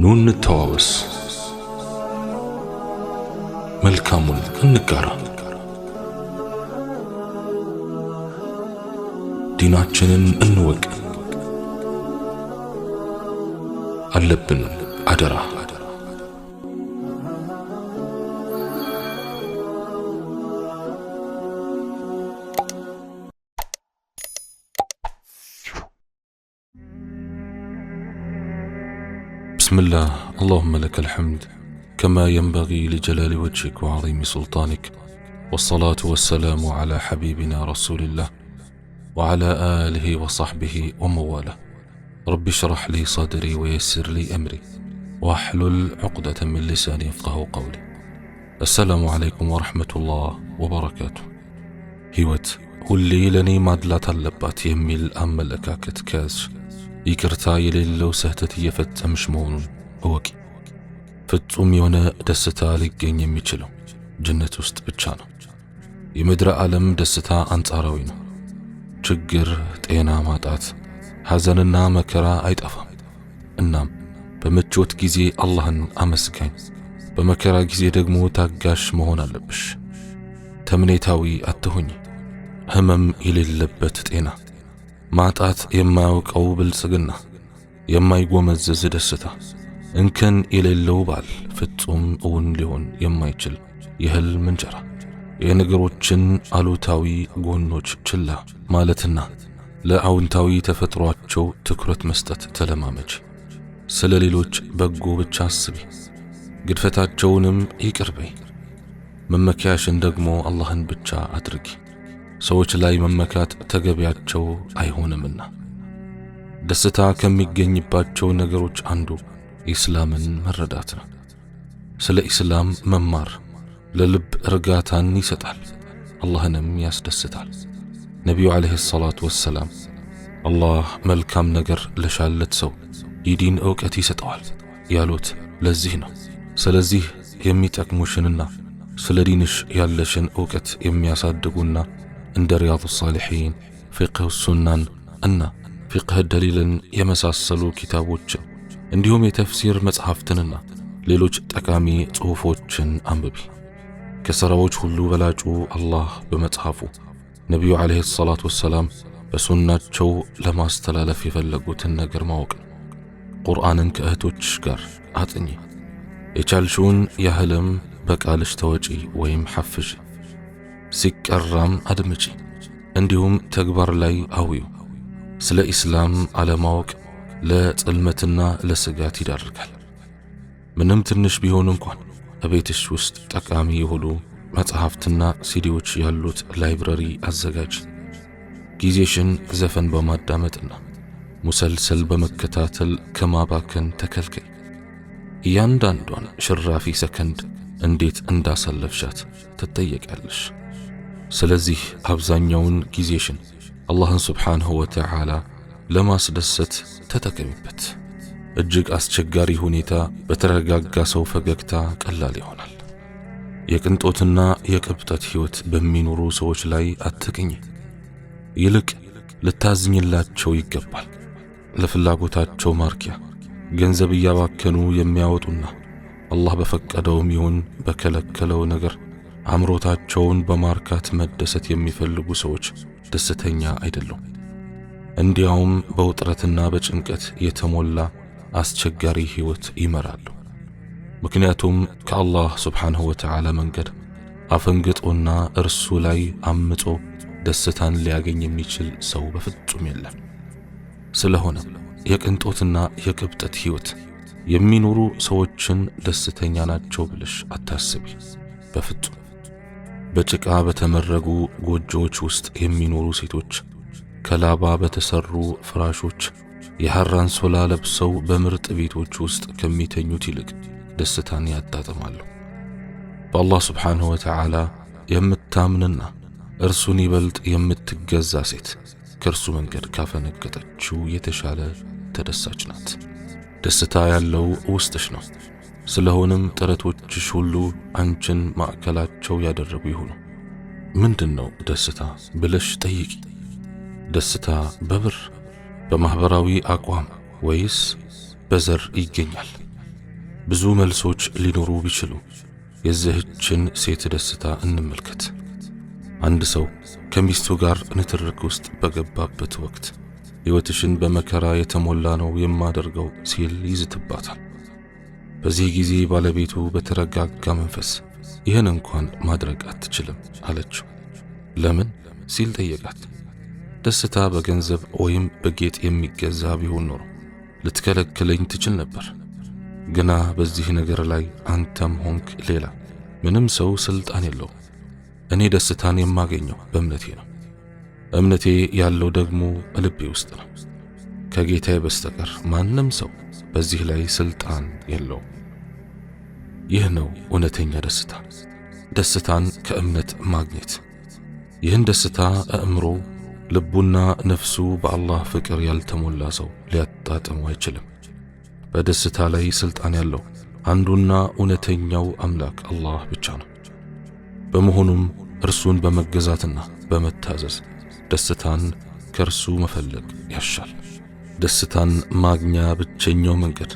ኑ እንተዋወስ፣ መልካሙን እንጋራ፣ ዲናችንን እንወቅ አለብን አደራ። بسم الله اللهم لك الحمد كما ينبغي لجلال وجهك وعظيم سلطانك والصلاة والسلام على حبيبنا رسول الله وعلى آله وصحبه ومواله رب اشرح لي صدري ويسر لي أمري واحلل عقدة من لساني يفقه قولي السلام عليكم ورحمة الله وبركاته هيوت لي لني مدلة اللبات يمي الأمل لكاكت كاز ይቅርታ የሌለው ስህተት እየፈጸምሽ መሆኑን እወቂ። ፍጹም የሆነ ደስታ ሊገኝ የሚችለው ጀነት ውስጥ ብቻ ነው። የምድረ ዓለም ደስታ አንጻራዊ ነው። ችግር፣ ጤና ማጣት፣ ሐዘንና መከራ አይጠፋም። እናም በምቾት ጊዜ አላህን አመስጋኝ፣ በመከራ ጊዜ ደግሞ ታጋሽ መሆን አለብሽ። ተምኔታዊ አትሁኝ። ህመም የሌለበት ጤና ማጣት የማያውቀው ብልጽግና፣ የማይጎመዝዝ ደስታ፣ እንከን የሌለው ባል፣ ፍጹም እውን ሊሆን የማይችል የህልም እንጀራ፣ የነገሮችን አሉታዊ ጎኖች ችላ ማለትና ለአውንታዊ ተፈጥሯቸው ትኩረት መስጠት ተለማመች። ስለ ሌሎች በጎ ብቻ አስቢ፣ ግድፈታቸውንም ይቅርበይ። መመኪያሽን ደግሞ አላህን ብቻ አድርጊ። ሰዎች ላይ መመካት ተገቢያቸው አይሆንምና። ደስታ ከሚገኝባቸው ነገሮች አንዱ ኢስላምን መረዳት ነው። ስለ ኢስላም መማር ለልብ እርጋታን ይሰጣል፣ አላህንም ያስደስታል። ነቢዩ ዓለይሂ ሰላቱ ወሰላም አላህ መልካም ነገር ለሻለት ሰው የዲን ዕውቀት ይሰጠዋል ያሉት ለዚህ ነው። ስለዚህ የሚጠቅሙሽንና ስለ ዲንሽ ያለሽን ዕውቀት የሚያሳድጉና እንደ ሪያዱ ሳሊሒን፣ ፊቅህ ሱናን እና ፊቅህ ደሊልን የመሳሰሉ ኪታቦችን እንዲሁም የተፍሲር መጽሐፍትንና ሌሎች ጠቃሚ ጽሑፎችን አንብቢ። ከሥራዎች ሁሉ በላጩ አላህ በመጽሐፉ ነቢዩ ዓለይሂ ሰላቱ ወሰላም በሱናቸው ለማስተላለፍ የፈለጉትን ነገር ማወቅ ነው። ቁርአንን ከእህቶች ጋር አጥኚ፣ የቻልሽውን ያህልም በቃልሽ ተወጪ ወይም ሐፍሽ። ሲቀራም አድምጪ፣ እንዲሁም ተግባር ላይ አውዩ። ስለ ኢስላም አለማወቅ ለጽልመትና ለስጋት ይዳርጋል። ምንም ትንሽ ቢሆን እንኳን እቤትሽ ውስጥ ጠቃሚ የሆኑ መጽሐፍትና ሲዲዎች ያሉት ላይብረሪ አዘጋጅ። ጊዜሽን ዘፈን በማዳመጥና ሙሰልሰል በመከታተል ከማባከን ተከልከይ። እያንዳንዷን ሽራፊ ሰከንድ እንዴት እንዳሳለፍሻት ትጠየቃለሽ። ስለዚህ አብዛኛውን ጊዜሽን አላህን ስብሓንሁ ወተዓላ ለማስደሰት ተጠቀሚበት። እጅግ አስቸጋሪ ሁኔታ በተረጋጋ ሰው ፈገግታ ቀላል ይሆናል። የቅንጦትና የቅብጠት ሕይወት በሚኖሩ ሰዎች ላይ አትቅኝ። ይልቅ ልታዝኝላቸው ይገባል። ለፍላጎታቸው ማርኪያ ገንዘብ እያባከኑ የሚያወጡና አላህ በፈቀደውም ይሁን በከለከለው ነገር አምሮታቸውን በማርካት መደሰት የሚፈልጉ ሰዎች ደስተኛ አይደሉም። እንዲያውም በውጥረትና በጭንቀት የተሞላ አስቸጋሪ ሕይወት ይመራሉ። ምክንያቱም ከአላህ ስብሓንሁ ወተዓላ መንገድ አፈንግጦና እርሱ ላይ አምጾ ደስታን ሊያገኝ የሚችል ሰው በፍጹም የለም። ስለሆነ የቅንጦትና የቅብጠት ሕይወት የሚኖሩ ሰዎችን ደስተኛ ናቸው ብለሽ አታስቢ በፍጹም። በጭቃ በተመረጉ ጎጆዎች ውስጥ የሚኖሩ ሴቶች ከላባ በተሰሩ ፍራሾች የሐራን ሶላ ለብሰው በምርጥ ቤቶች ውስጥ ከሚተኙት ይልቅ ደስታን ያጣጥማሉ። በአላህ ስብሓንሁ ወተዓላ የምታምንና እርሱን ይበልጥ የምትገዛ ሴት ከእርሱ መንገድ ካፈነገጠችው የተሻለ ተደሳች ናት። ደስታ ያለው ውስጥሽ ነው። ስለሆነም ጥረቶችሽ ሁሉ አንቺን ማዕከላቸው ያደረጉ ይሁኑ። ምንድን ነው ደስታ ብለሽ ጠይቂ። ደስታ በብር በማኅበራዊ አቋም ወይስ በዘር ይገኛል? ብዙ መልሶች ሊኖሩ ቢችሉ የዚህችን ሴት ደስታ እንመልከት። አንድ ሰው ከሚስቱ ጋር ንትርክ ውስጥ በገባበት ወቅት ሕይወትሽን በመከራ የተሞላ ነው የማደርገው ሲል ይዝትባታል። በዚህ ጊዜ ባለቤቱ በተረጋጋ መንፈስ ይህን እንኳን ማድረግ አትችልም አለችው። ለምን ሲል ጠየቃት። ደስታ በገንዘብ ወይም በጌጥ የሚገዛ ቢሆን ኖሮ ልትከለክለኝ ትችል ነበር። ግና በዚህ ነገር ላይ አንተም ሆንክ ሌላ ምንም ሰው ስልጣን የለውም። እኔ ደስታን የማገኘው በእምነቴ ነው። እምነቴ ያለው ደግሞ ልቤ ውስጥ ነው። ከጌታዬ በስተቀር ማንም ሰው በዚህ ላይ ስልጣን የለውም። ይህ ነው እውነተኛ ደስታ፣ ደስታን ከእምነት ማግኘት። ይህን ደስታ አእምሮ፣ ልቡና ነፍሱ በአላህ ፍቅር ያልተሞላ ሰው ሊያጣጥሙ አይችልም። በደስታ ላይ ስልጣን ያለው አንዱና እውነተኛው አምላክ አላህ ብቻ ነው። በመሆኑም እርሱን በመገዛትና በመታዘዝ ደስታን ከእርሱ መፈለግ ያሻል። ደስታን ማግኛ ብቸኛው መንገድ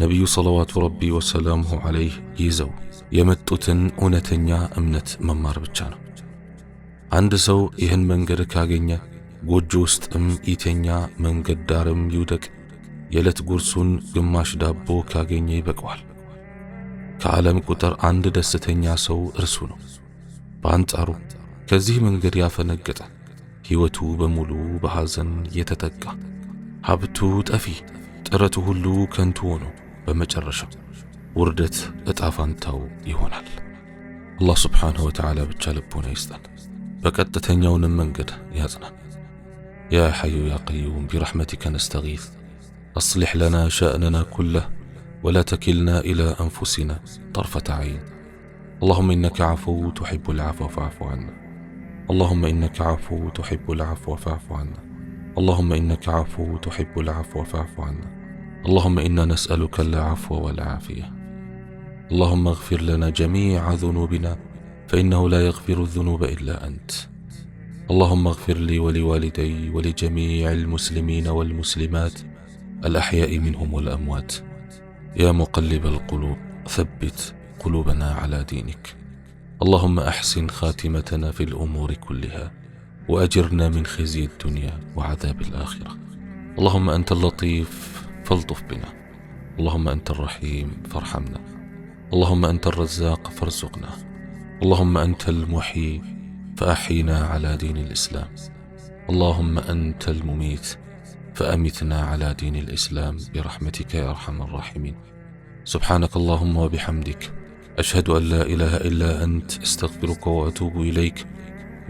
ነቢዩ ሰለዋቱ ረቢ ወሰላሙሁ ዓለይህ ይዘው የመጡትን እውነተኛ እምነት መማር ብቻ ነው። አንድ ሰው ይህን መንገድ ካገኘ ጎጆ ውስጥም ይተኛ፣ መንገድ ዳርም ይውደቅ፣ የዕለት ጉርሱን ግማሽ ዳቦ ካገኘ ይበቀዋል። ከዓለም ቁጥር አንድ ደስተኛ ሰው እርሱ ነው። በአንጻሩ ከዚህ መንገድ ያፈነገጠ ሕይወቱ በሙሉ በሐዘን የተጠቃ ሀብቱ ጠፊ፣ ጥረቱ ሁሉ ከንቱ ሆኖ በመጨረሻ ውርደት እጣ ፋንታው ይሆናል። አላህ ስብሓንሁ ወተዓላ ብቻ ልቦና ይስጠን፣ በቀጥተኛውንም መንገድ ያጽናን። ያ ሐዩ ያ ቀዩም ቢረሕመቲከ ነስተጊዝ አስሊሕ ለና ሸእነና ኩለህ ወላ ተኪልና ኢላ አንፉሲና ጠርፈተ ዐይን اللهم إنك عفو تحب العفو فاعف عنا اللهم إنك عفو تحب العفو فاعف عنا اللهم إنك عفو تحب العفو فاعف عنا اللهم إنا نسألك العفو والعافية اللهم اغفر لنا جميع ذنوبنا فإنه لا يغفر الذنوب إلا أنت اللهم اغفر لي ولوالدي ولجميع المسلمين والمسلمات الأحياء منهم والأموات يا مقلب القلوب ثبت قلوبنا على دينك اللهم أحسن خاتمتنا في الأمور كلها وأجرنا من خزي الدنيا وعذاب الآخرة اللهم أنت اللطيف فالطف بنا اللهم أنت الرحيم فارحمنا اللهم أنت الرزاق فارزقنا اللهم أنت المحيي فأحينا على دين الإسلام اللهم أنت المميت فأمتنا على دين الإسلام برحمتك يا أرحم الراحمين سبحانك اللهم وبحمدك أشهد أن لا إله إلا أنت استغفرك وأتوب إليك